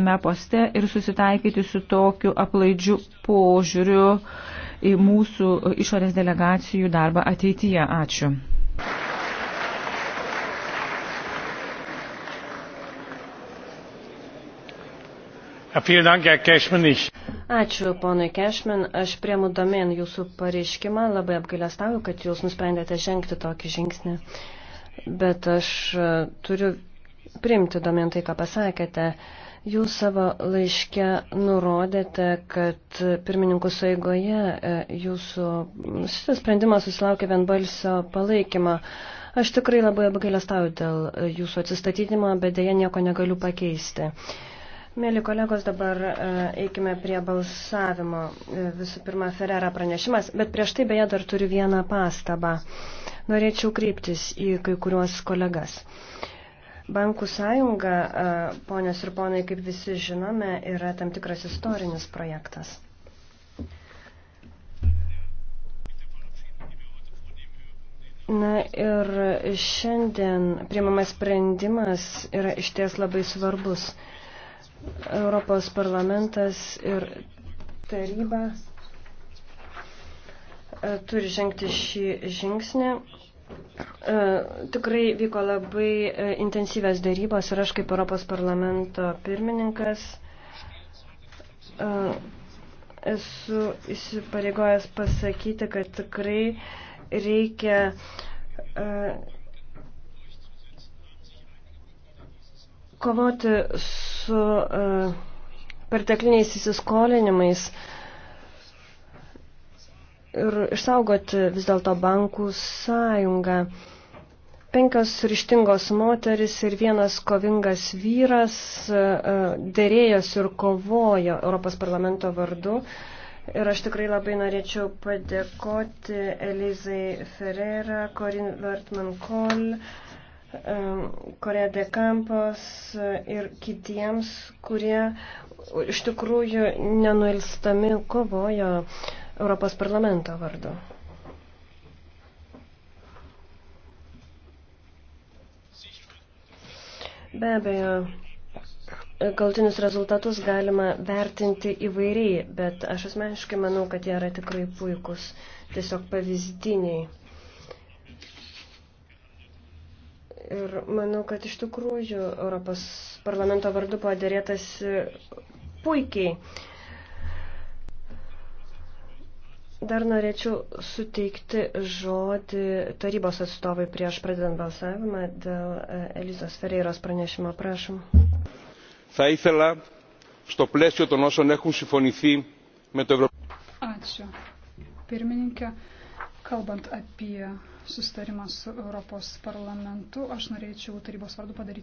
naujajame poste ir susitaikyti su tokiu aplaidžiu požiūriu į mūsų išorės delegacijų darbą ateityje. Ačiū. Ačiū ponui Kešmin. Aš priemu domen jūsų pareiškimą. Labai apgailestauju, kad jūs nusprendėte žengti tokį žingsnį. Bet aš turiu priimti domen tai, ką pasakėte. Jūs savo laiške nurodėte, kad pirmininkų sueigoje e, jūsų šitas sprendimas susilaukė vienbalsio palaikymą. Aš tikrai labai apgailestauju dėl e, jūsų atsistatydimo, bet dėja nieko negaliu pakeisti. Mėly kolegos, dabar e, eikime prie balsavimo. Visų pirma, Ferrera pranešimas, bet prieš tai beje dar turiu vieną pastabą. Norėčiau kreiptis į kai kuriuos kolegas. Bankų sąjunga, e, ponios ir ponai, kaip visi žinome, yra tam tikras istorinis projektas. Na ir šiandien priimamas sprendimas yra išties labai svarbus. Europos parlamentas ir taryba e, turi žengti šį žingsnį E, tikrai vyko labai e, intensyvės darybos ir aš kaip Europos parlamento pirmininkas e, esu įsipareigojęs pasakyti, kad tikrai reikia kovoti su pertekliniais įsiskolinimais. Uh, ir išsaugoti vis dėlto bankų sąjungą. Penkios ryštingos moteris ir vienas kovingas vyras e, dėrėjos ir kovojo Europos parlamento vardu. Ir aš tikrai labai norėčiau padėkoti Elizai Ferreira, Corin Vertman Kohl, e, Korea de Campos ir kitiems, kurie iš tikrųjų nenuilstami kovojo uh, Europos parlamento vardu. Be abejo, galtinius rezultatus galima vertinti įvairiai, bet aš asmeniškai manau, kad jie yra tikrai puikus, tiesiog pavyzdiniai. Ir manau, kad iš tikrųjų Europos parlamento vardu padėrėtas puikiai. Dar norėčiau suteikti žodį tarybos atstovai prieš pradedant balsavimą dėl e, Elizos Ferreiros pranešimo. Prašom. Ačiū. Pirmininkė, kalbant apie sustarimą su Europos parlamentu, aš norėčiau tarybos vardu padaryti.